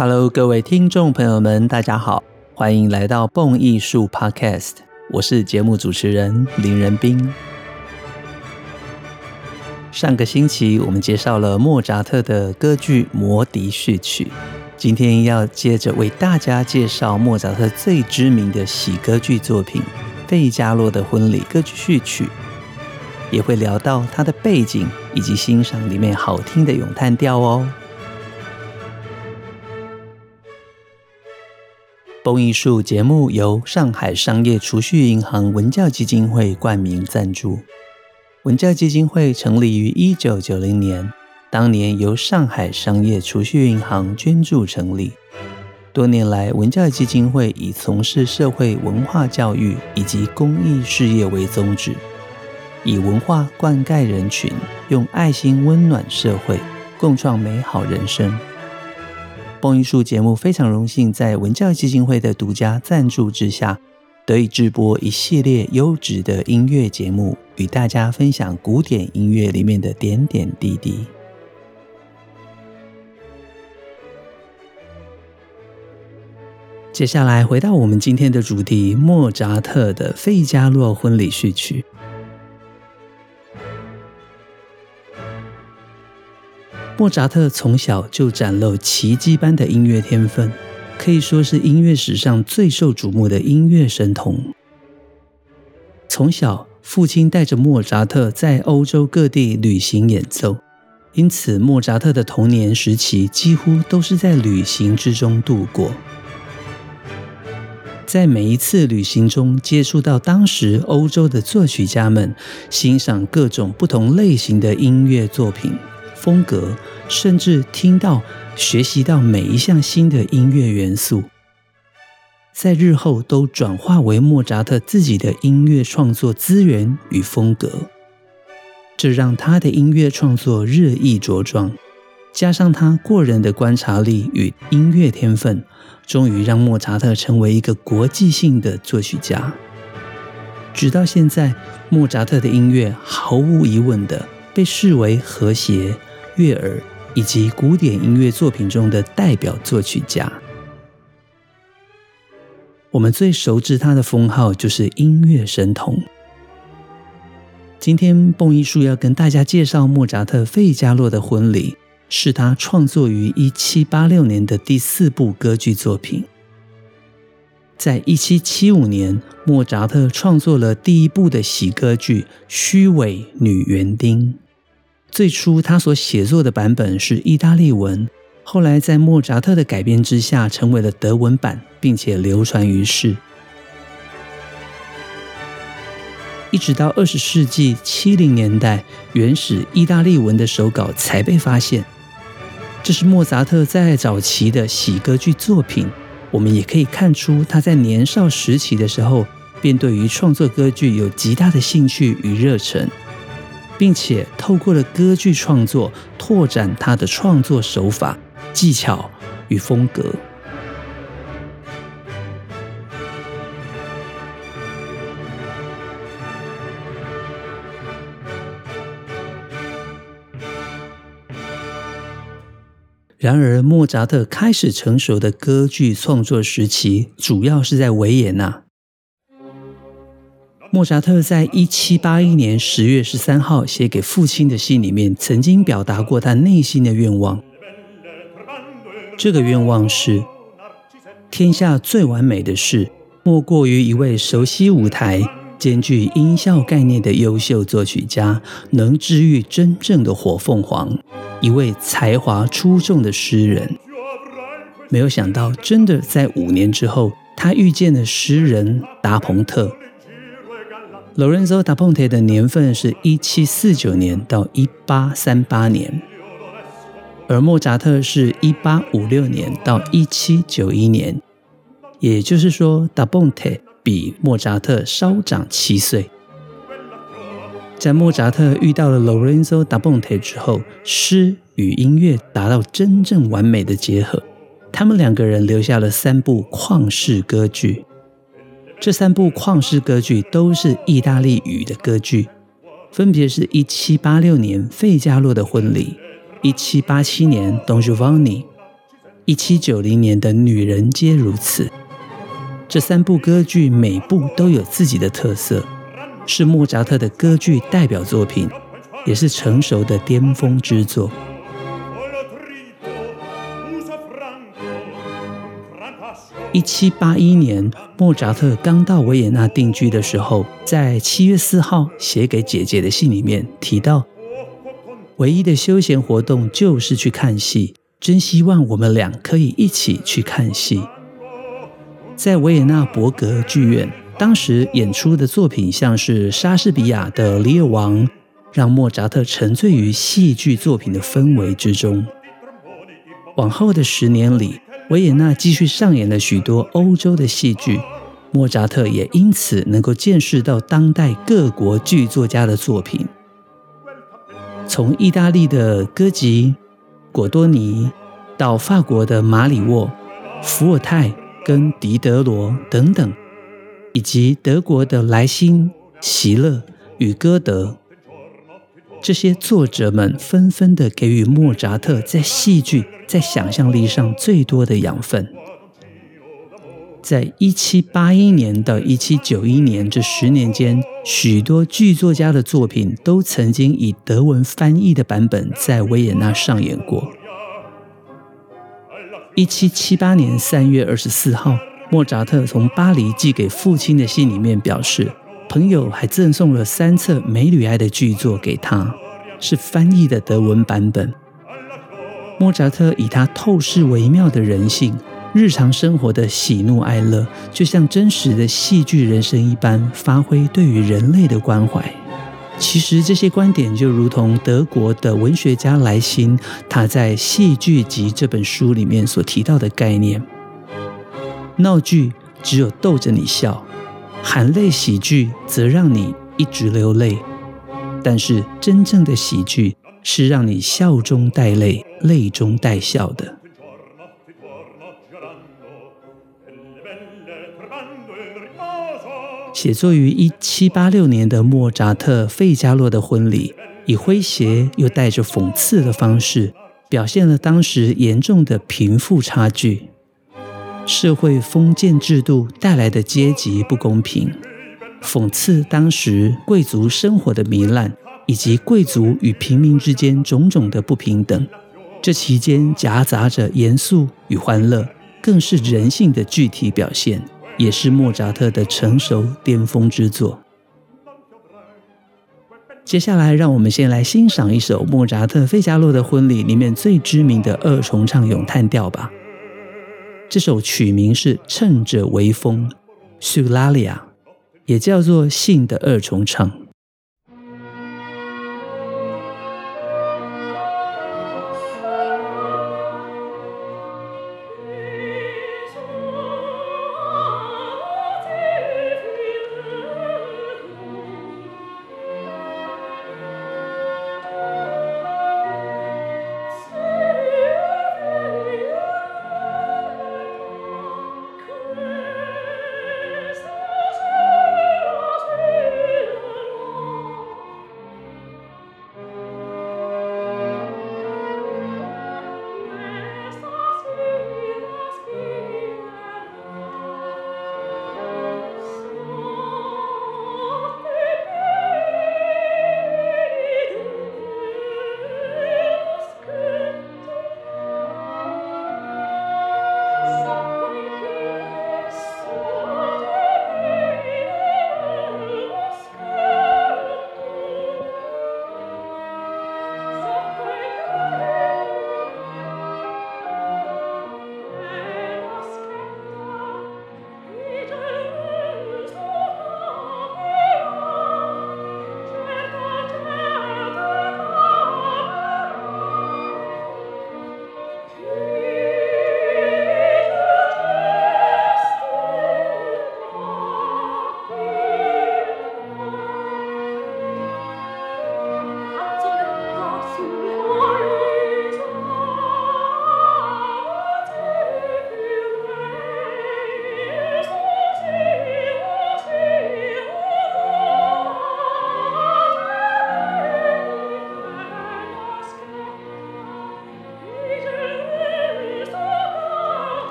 Hello，各位聽眾朋友們，大家好，歡迎來到《蹦藝術》Podcast，我是節目主持人林仁斌。上個星期我們介紹了莫扎特的歌劇《魔笛》序曲，今天要接着為大家介紹莫扎特最知名的喜歌劇作品《費加洛的婚禮歌曲曲》歌劇序曲，也會聊到它的背景以及欣賞裡面好聽的詠嘆調哦。蹦藝術節目由上海商業儲蓄銀行文教基金會冠名贊助。文教基金會成立於一九九零年，當年由上海商業儲蓄銀行捐助成立。多年來，文教基金會以從事社會文化教育以及公益事業為宗旨，以文化灌溉人群，用愛心溫暖社會，共創美好人生。《蹦藝術》節目非常榮幸在文教基金會的獨家贊助之下，得以直播一系列優質的音樂節目，與大家分享古典音樂裡面的點點滴滴。接下來回到我們今天的主題——莫扎特的《費加洛婚禮序曲》。莫扎特從小就展露奇蹟般的音樂天分，可以說是音樂史上最受矚目的音樂神童。從小，父親帶着莫扎特在歐洲各地旅行演奏，因此莫扎特的童年時期幾乎都是在旅行之中度過。在每一次旅行中，接觸到當時歐洲的作曲家們，欣賞各種不同類型的音樂作品。風格，甚至聽到、學習到每一項新的音樂元素，在日後都轉化為莫扎特自己的音樂創作資源與風格，這讓他的音樂創作日益茁壯。加上他過人的觀察力與音樂天分，終於讓莫扎特成為一個國際性的作曲家。直到現在，莫扎特的音樂毫無疑問的被視為和諧。悅耳以及古典音樂作品中的代表作曲家，我們最熟知他的封號就是“音樂神童”。今天，蹦藝術要跟大家介紹莫扎特《費加洛的婚禮》，是他創作於一七八六年的第四部歌劇作品。在一七七五年，莫扎特創作了第一部的喜歌劇《虛偽女園丁》。最初，他所寫作的版本是意大利文，後來在莫扎特的改編之下成為了德文版，並且流傳於世。一直到二十世紀七零年代，原始意大利文的手稿才被發現。這是莫扎特在早期的喜歌劇作品，我們也可以看出他在年少時期的時候，便對於創作歌劇有極大的興趣與熱忱。並且透過了歌劇創作，拓展他的創作手法、技巧與風格。然而，莫扎特開始成熟的歌劇創作時期，主要是在維也納。莫扎特在一七八一年十月十三號寫給父親的信裡面，曾經表達過他內心的願望。這個願望是：天下最完美的事，莫過於一位熟悉舞台、兼具音效概念的優秀作曲家，能治癒真正的火鳳凰——一位才華出眾的詩人。沒有想到，真的在五年之後，他遇見了詩人達彭特。Lorenzo da Ponte 的年份是一七四九年到一八三八年，而莫扎特是一八五六年到一七九一年，也就是說，da Ponte 比莫扎特稍長七歲。在莫扎特遇到了 Lorenzo da Ponte 之後，詩與音樂達到真正完美的結合，他們兩個人留下了三部曠世歌劇。這三部曠世歌劇都是意大利語的歌劇，分別是一七八六年《費加洛的婚禮》，一七八七年《Don Giovanni》，一七九零年的《女人皆如此》。這三部歌劇每部都有自己的特色，是莫扎特的歌劇代表作品，也是成熟的巔峰之作。一七八一年，莫扎特剛到維也納定居的時候，在七月四號寫給姐姐的信裡面提到，唯一的休閒活動就是去看戲，真希望我們倆可以一起去看戲。在維也納伯格劇院，當時演出的作品像是莎士比亞的《李爾王》，讓莫扎特沉醉於戲劇作品的氛圍之中。往後的十年裡，維也納繼續上演了許多歐洲的戲劇，莫扎特也因此能夠見識到當代各國劇作家的作品，從意大利的哥吉、果多尼，到法國的馬里沃、伏爾泰跟狄德羅等等，以及德國的萊辛、席勒與歌德。這些作者們紛紛的給予莫扎特在戲劇、在想象力上最多的養分。在一七八一年到一七九一年這十年間，許多劇作家的作品都曾經以德文翻譯的版本在維也納上演過。一七七八年三月二十四號，莫扎特從巴黎寄給父親的信裡面表示。朋友還贈送了三冊《莫里哀》的劇作給他，是翻譯的德文版本。莫扎特以他透視微妙的人性、日常生活的喜怒哀樂，就像真實的戲劇人生一般，發揮對於人類的關懷。其實這些觀點就如同德國的文學家萊辛他在《戲劇集》這本書裡面所提到的概念：鬧劇只有逗着你笑。含淚喜劇則讓你一直流淚，但是真正的喜劇是讓你笑中帶淚、淚中帶笑的。寫作於一七八六年的莫扎特《費加洛的婚禮》，以詼諧又帶着諷刺的方式，表現了當時嚴重的貧富差距。社會封建制度帶來的階級不公平，諷刺當時貴族生活的糜爛，以及貴族與平民之間種種的不平等。這期間夾雜着嚴肅與歡樂，更是人性的具體表現，也是莫扎特的成熟巔峰之作。接下來，讓我們先來欣賞一首莫扎特《費加洛的婚禮》裡面最知名的二重唱詠嘆調吧。這首曲名是《趁着微風》，Sull'aria，也叫做《信》的二重唱。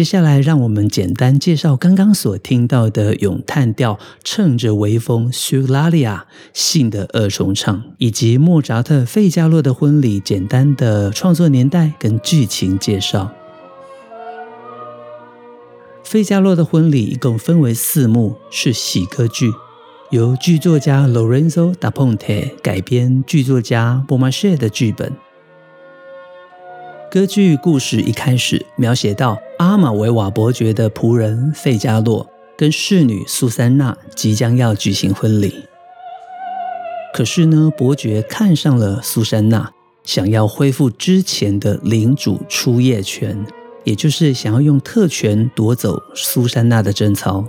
接下來，讓我們簡單介紹剛剛所聽到的詠嘆調《乘著微風》（Sull'aria） 信的二重唱，以及莫扎特《費加洛的婚禮》簡單的創作年代跟劇情介紹。《費加洛的婚禮》一共分為四幕，是喜歌劇，由劇作家 Lorenzo da Ponte 改編，劇作家 Beaumarchais 的劇本。歌劇故事一開始描寫到阿瑪維瓦伯爵的僕人費加洛跟侍女蘇珊娜即將要舉行婚禮，可是呢，伯爵看上了蘇珊娜，想要恢復之前的領主初夜權，也就是想要用特權奪走蘇珊娜的貞操。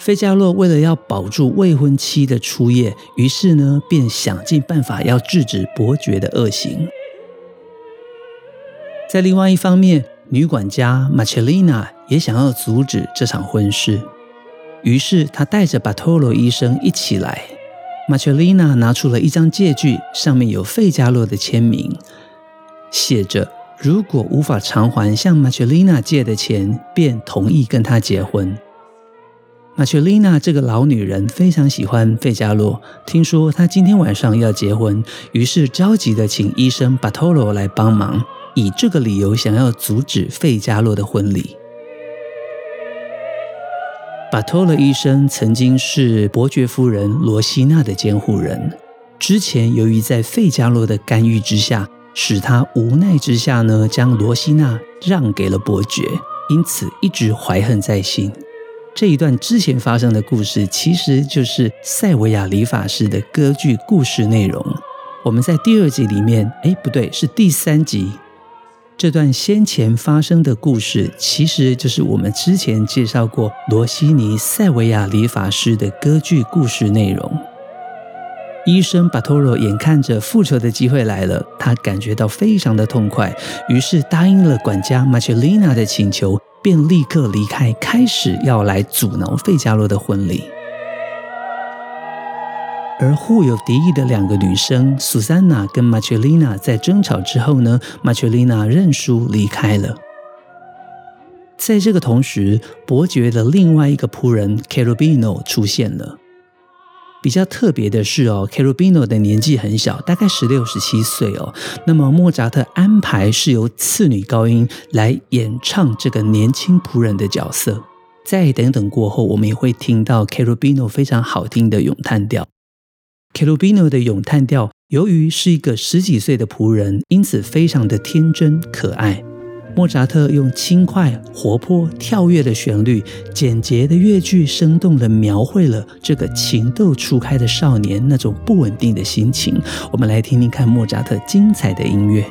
費加洛為了要保住未婚妻的初夜，於是呢，便想盡辦法要制止伯爵的惡行。在另外一方面，女管家瑪切麗娜也想要阻止這場婚事，於是她帶着巴托羅醫生一起來。瑪切麗娜拿出了一張借據，上面有費加洛的簽名，寫着如果無法償還向瑪切麗娜借的錢，便同意跟她結婚。瑪切麗娜這個老女人非常喜歡費加洛，聽說他今天晚上要結婚，於是着急地請醫生巴托羅來幫忙。以這個理由想要阻止費加洛的婚禮。巴托羅醫生曾經是伯爵夫人羅西娜的監護人，之前由於在費加洛的干預之下，使他無奈之下呢，將羅西娜讓給了伯爵，因此一直懷恨在心。這一段之前發生的故事，其實就是塞維亞理髮師的歌劇故事內容。我們在第二集裡面，哎，不對，是第三集。這段先前發生的故事，其實就是我們之前介紹過羅西尼塞維亞理髮師的歌劇故事內容。醫生巴托羅眼看着復仇的機會來了，他感覺到非常的痛快，於是答應了管家瑪切麗娜的請求，便立刻離開，開始要來阻撓費加洛的婚禮。而互有敵意的兩個女生 Susanna 跟 Marcellina 在爭吵之後呢，Marcellina 認輸離開了。在這個同時，伯爵的另外一個僕人 Cherubino 出現了。比較特別的是哦，Cherubino 的年紀很小，大概十六、十七歲哦。那麼莫扎特安排是由次女高音來演唱這個年輕僕人的角色。再等等過後，我們也會聽到 Cherubino 非常好聽的詠嘆調。凱魯比諾的詠嘆調，由於是一個十幾歲的僕人，因此非常的天真可愛。莫扎特用輕快、活潑、跳躍的旋律，簡潔的樂句，生動地描繪了這個情竇初開的少年那種不穩定的心情。我們來聽聽看莫扎特精彩的音樂。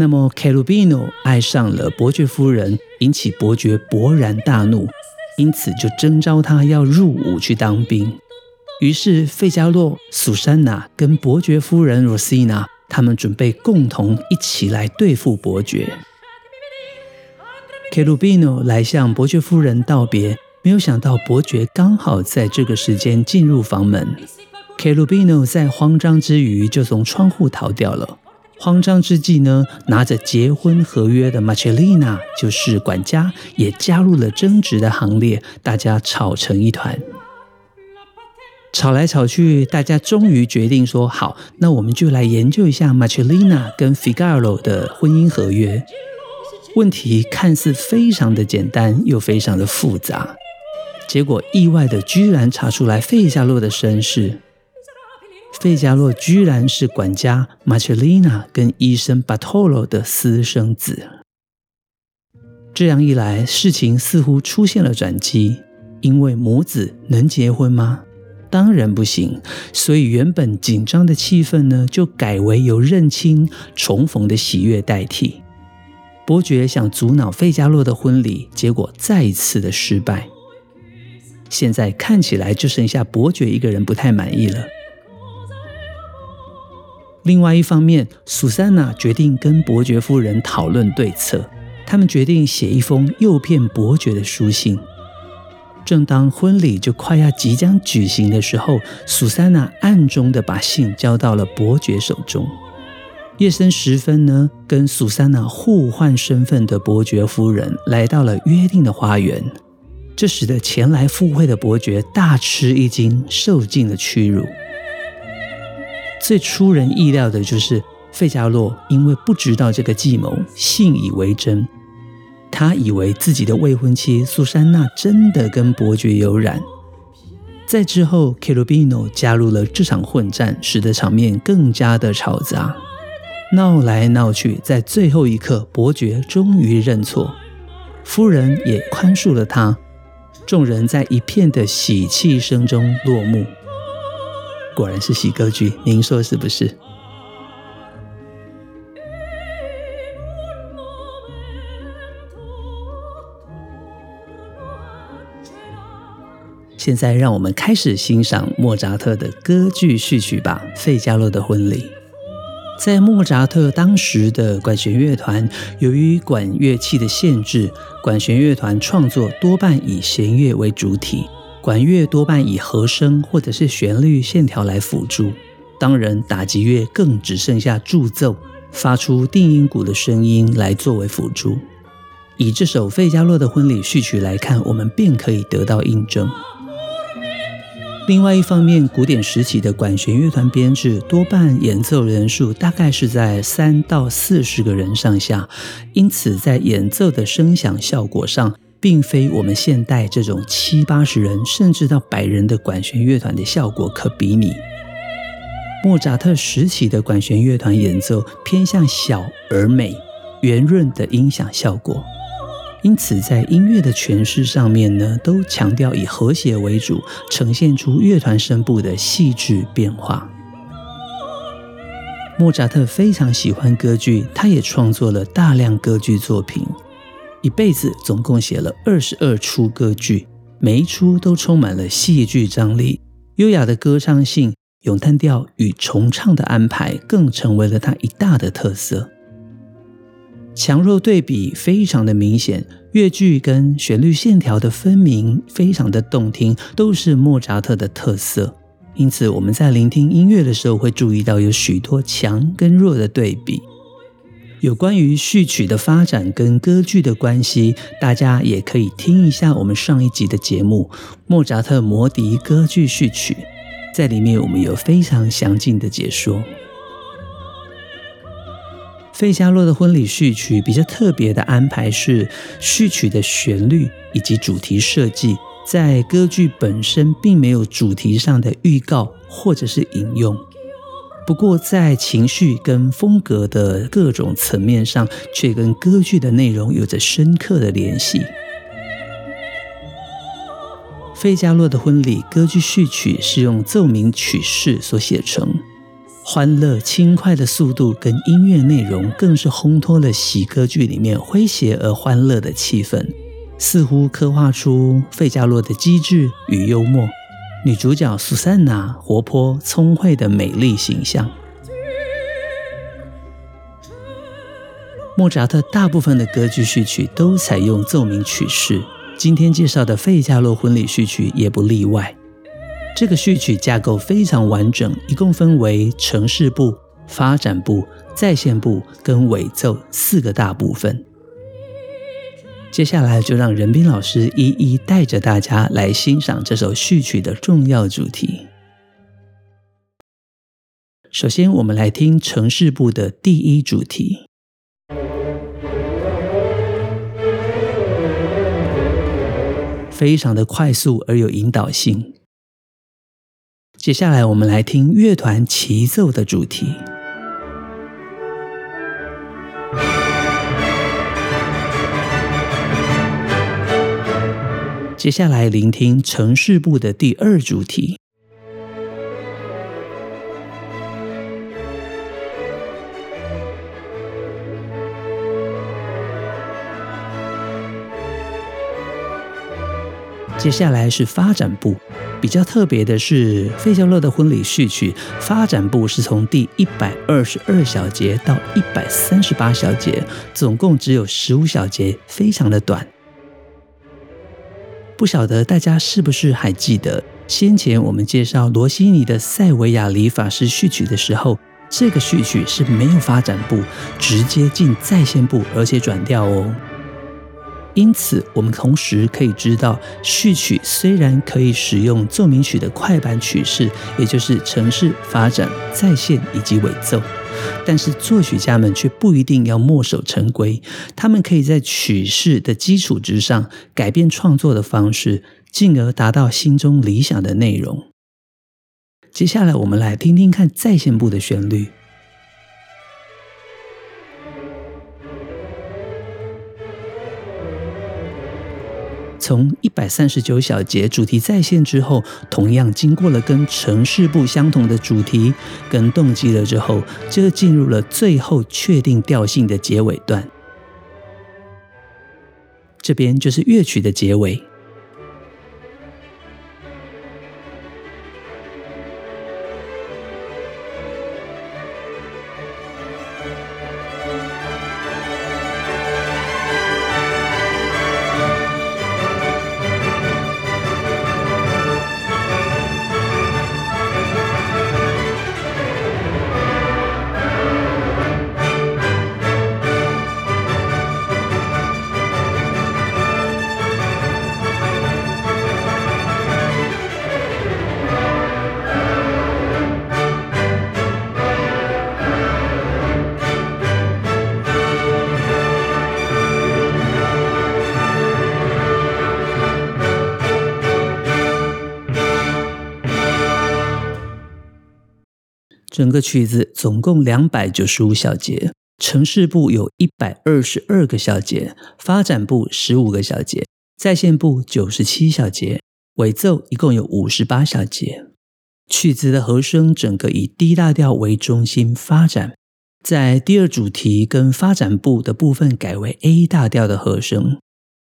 那麼 Cherubino 愛上了伯爵夫人，引起伯爵勃然大怒，因此就徵召他要入伍去當兵。於是，費加洛、蘇珊娜跟伯爵夫人 Rosina，他們準備共同一起來對付伯爵。Cherubino 來向伯爵夫人道別，沒有想到伯爵剛好在這個時間進入房門，Cherubino 在慌張之餘就從窗戶逃掉了。慌張之際呢，拿着結婚合約的瑪切利娜就是管家，也加入了爭執的行列，大家吵成一團。吵來吵去，大家終於決定說好，那我們就來研究一下瑪切利娜跟費加羅的婚姻合約。問題看似非常的簡單，又非常的複雜，結果意外的居然查出來費加羅的身世。費加洛居然是管家瑪切麗娜跟醫生巴托 o 的私生子。這樣一來，事情似乎出現了轉機。因為母子能結婚嗎？當然不行。所以原本緊張的氣氛呢，就改為由認親重逢的喜悅代替。伯爵想阻撓費加洛的婚禮，結果再一次的失敗。現在看起來，就剩下伯爵一個人不太滿意了。另外一方面，蘇珊娜決定跟伯爵夫人討論對策。他們決定寫一封誘騙伯爵的書信。正當婚禮就快要即將舉行的時候，蘇珊娜暗中的把信交到了伯爵手中。夜深時分呢，跟蘇珊娜互換身份的伯爵夫人來到了約定的花園，這使得前來赴會的伯爵大吃一驚，受盡了屈辱。最出人意料的就是費加洛，因為不知道這個計謀，信以為真。他以為自己的未婚妻蘇珊娜真的跟伯爵有染。在之後，凱魯比諾加入了這場混戰，使得場面更加的嘈雜。鬧來鬧去，在最後一刻，伯爵終於認錯，夫人也寬恕了他。眾人在一片的喜氣聲中落幕。果然是喜歌劇，您說是不是？現在讓我們開始欣賞莫扎特的歌劇序曲吧，《費加洛的婚禮》。在莫扎特當時的管弦樂團，由於管樂器的限制，管弦樂團創作多半以弦樂為主體。管樂多半以和聲或者是旋律線條來輔助，當然打擊樂更只剩下助奏，發出定音鼓的聲音來作為輔助。以這首費加洛的婚禮序曲來看，我們便可以得到印證。另外一方面，古典時期的管弦樂團編制多半演奏人數大概是在三到四十個人上下，因此在演奏的聲響效果上，並非我們現代這種七八十人，甚至到百人的管弦樂團的效果可比擬。莫扎特時期的管弦樂團演奏偏向小而美、圓潤的音響效果，因此在音樂的詮釋上面呢，都強調以和諧為主，呈現出樂團聲部的細緻變化。莫扎特非常喜歡歌劇，他也創作了大量歌劇作品。一輩子總共寫了二十二出歌劇，每一出都充滿了戲劇張力。優雅的歌唱性、詠嘆調與重唱的安排，更成為了他一大的特色。強弱對比非常的明顯，樂句跟旋律線條的分明非常的動聽，都是莫扎特的特色。因此，我們在聆聽音樂的時候，會注意到有許多強跟弱的對比。有關於序曲的發展跟歌劇的關係，大家也可以聽一下我們上一集的節目《莫扎特魔笛歌劇序曲》，在裡面我們有非常詳盡的解說。費加洛的婚禮序曲比較特別的安排是，序曲的旋律以及主題設計在歌劇本身並沒有主題上的預告或者是引用。不過，在情緒跟風格的各種層面上，卻跟歌劇的內容有着深刻的聯繫。《費加洛的婚禮》歌劇序曲是用奏鳴曲式所寫成，歡樂輕快的速度跟音樂內容，更是烘托了喜歌劇裡面詼諧而歡樂的氣氛，似乎刻畫出費加洛的機智與幽默。女主角蘇珊娜活潑聰慧的美麗形象。莫扎特大部分的歌劇序曲、曲都採用奏鳴曲式，今天介紹的《費加洛婚禮》序曲也不例外。這個序曲、曲架構非常完整，一共分為呈示部、發展部、再現部跟尾奏四個大部分。接下來就讓仁斌老師一一帶着大家來欣賞這首序曲的重要主題。首先，我們來聽呈示部的第一主題，非常的快速而有引導性。接下來，我們來聽樂團齊奏的主題。接下來聆聽呈示部的第二主題。接下來是發展部，比較特別的是，費加洛的婚禮序曲發展部是從第一百二十二小節到一百三十八小節，總共只有十五小節，非常的短。不曉得大家是不是還記得，先前我們介紹羅西尼的《塞維亞理髮師序曲》的時候，這個序曲是沒有發展部，直接進再現部，而且轉調哦。因此，我們同時可以知道，序曲雖然可以使用奏鳴曲的快板曲式，也就是呈示、發展、再現以及尾奏。但是作曲家們卻不一定要墨守成規，他們可以在曲式的基礎之上改變創作的方式，進而達到心中理想的內容。接下來，我們來聽聽看再現部的旋律。從一百三十九小節主題再現之後，同樣經過了跟呈示部相同的主題跟動機了之後，這個進入了最後確定調性的結尾段。這邊就是樂曲的結尾。整個曲子總共兩百九十五小節，呈示部有一百二十二個小節，發展部十五個小節，再現部九十七小節，尾奏一共有五十八小節。曲子的和聲整個以 D 大調為中心發展，在第二主題跟發展部的部分改為 A 大調的和聲，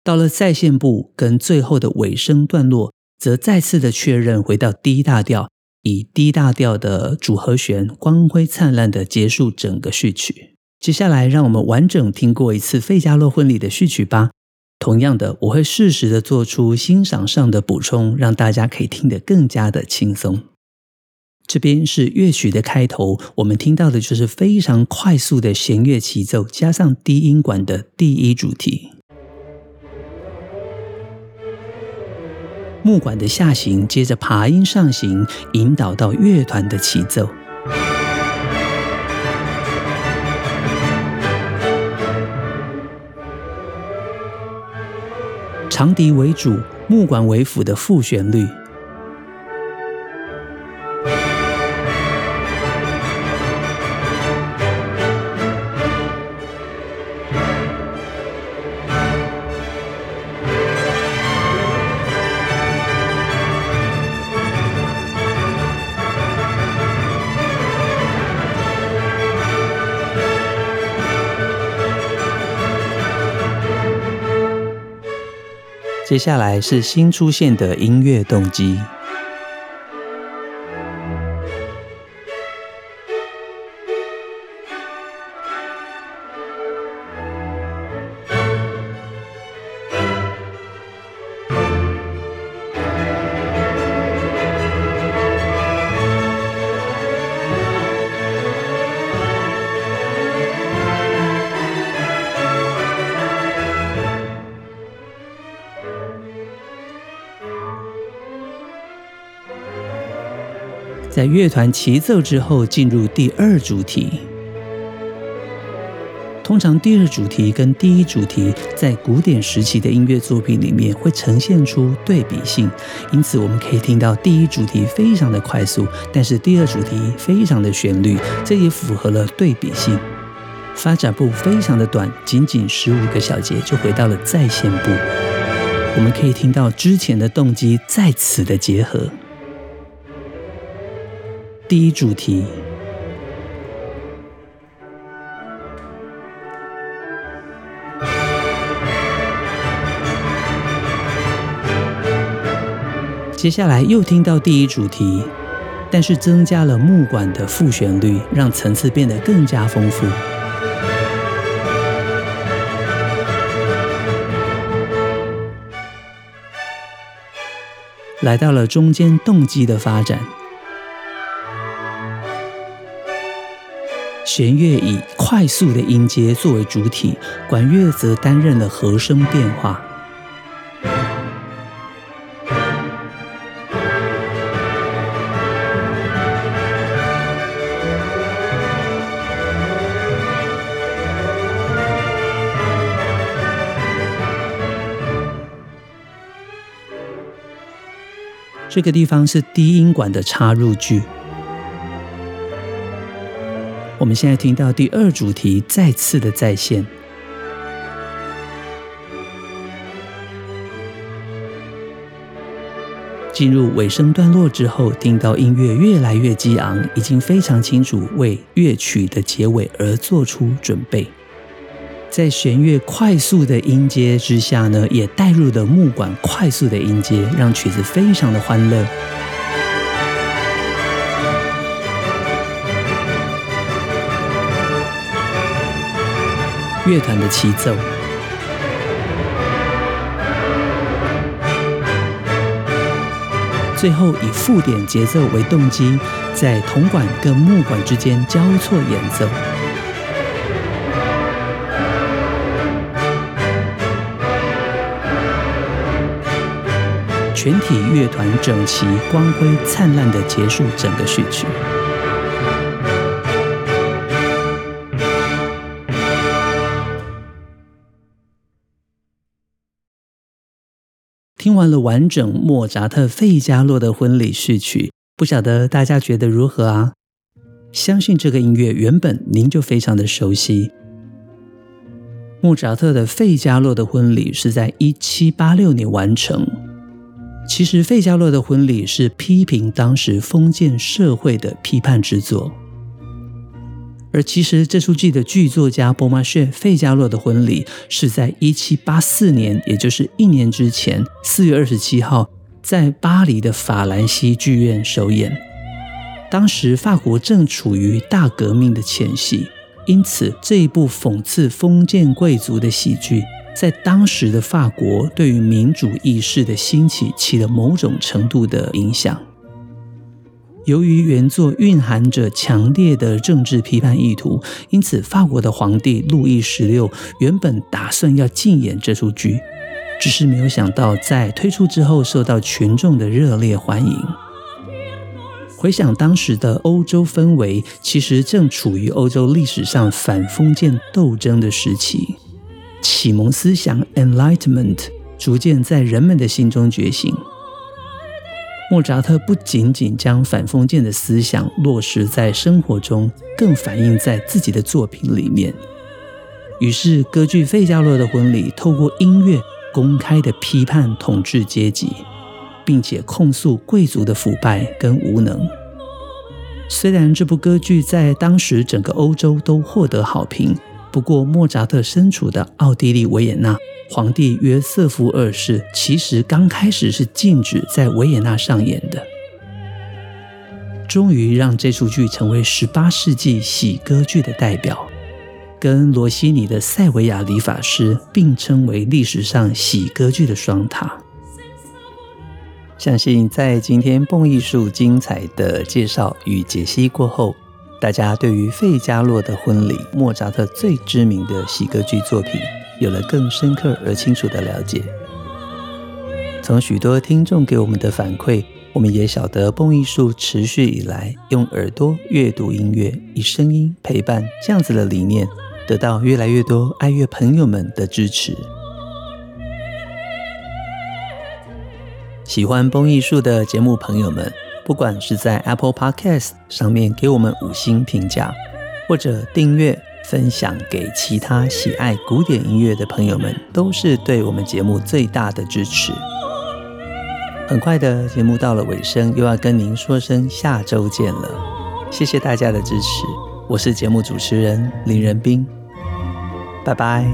到了再現部跟最後的尾聲段落，則再次的確認回到 D 大調。以 D 大調的主和弦，光輝燦爛的結束整個序曲。接下來，讓我們完整聽過一次費加洛婚禮的序曲吧。同樣的，我會適時的做出欣賞上的補充，讓大家可以聽得更加的輕鬆。這邊是樂曲的開頭，我們聽到的就是非常快速的弦樂齊奏，加上低音管的第一主題。木管的下行，接着琶音上行，引導到樂團的起奏。長笛為主，木管為輔的副旋律。接下來是新出現的音樂動機。在樂團齊奏之後，進入第二主題。通常第二主題跟第一主題在古典時期的音樂作品裡面會呈現出對比性，因此我們可以聽到第一主題非常的快速，但是第二主題非常的旋律，這也符合了對比性。發展部非常的短，僅僅十五個小節就回到了再現部。我們可以聽到之前的動機在此的結合。第一主題，接下來又聽到第一主題，但是增加了木管的複旋律，讓層次變得更加豐富。來到了中間動機的發展。弦樂以快速的音階作為主體，管樂則擔任了和聲變化。這個地方是低音管的插入句。我們現在聽到第二主題再次的再現，進入尾聲段落之後，聽到音樂越來越激昂，已經非常清楚為樂曲的結尾而做出準備。在弦樂快速的音階之下呢，也帶入的木管快速的音階，讓曲子非常的歡樂。樂團的齊奏，最後以附點節奏為動機，在銅管跟木管之間交錯演奏。全體樂團整齊、光輝燦爛地結束整個序曲。聽完了完整莫扎特《費加洛的婚禮》序曲，不曉得大家覺得如何啊？相信這個音樂原本您就非常的熟悉。莫扎特的《費加洛的婚禮》是在一七八六年完成。其實，《費加洛的婚禮》是批評當時封建社會的批判之作。而其實，這出劇的劇作家波馬謝《費加洛的婚禮》是在一七八四年，也就是一年之前四月二十七號，在巴黎的法蘭西劇院首演。當時法國正處於大革命的前夕，因此這一部諷刺封建貴族的喜劇，在當時的法國對於民主意識的興起起了某種程度的影響。由於原作蘊含着強烈的政治批判意圖，因此法國的皇帝路易十六原本打算要禁演這齣劇，只是沒有想到在推出之後受到群眾的熱烈歡迎。回想當時的歐洲氛圍，其實正處於歐洲歷史上反封建鬥爭的時期，啟蒙思想 Enlightenment 逐漸在人們的心中覺醒。莫扎特不僅僅將反封建的思想落實在生活中，更反映在自己的作品裡面。於是，歌劇《費加洛的婚禮》透過音樂公開的批判統治階級，並且控訴貴族的腐敗跟無能。雖然這部歌劇在當時整個歐洲都獲得好評。不過，莫扎特身處的奧地利維也納，皇帝約瑟夫二世其實剛開始是禁止在維也納上演的。終於讓這出劇成為18世紀喜歌劇的代表，跟羅西尼的《塞維亞理髮師》並稱為歷史上喜歌劇的雙塔。相信在今天蹦藝術精彩的介紹與解析過後。大家對於《費加洛的婚禮》莫扎特，最知名的喜歌劇作品，有了更深刻而清楚的了解。從許多聽眾給我們的反饋，我們也曉得蹦藝術持續以來，用耳朵閱讀音樂，以聲音陪伴這樣子的理念，得到越來越多愛樂朋友們的支持。喜歡蹦藝術的節目朋友們，不管是在 Apple Podcast 上面給我們五星評價，或者訂閱、分享給其他喜愛古典音樂的朋友們，都是對我們節目最大的支持。很快的，節目到了尾聲，又要跟您說聲下周見了。謝謝大家的支持，我是節目主持人林仁斌，拜拜。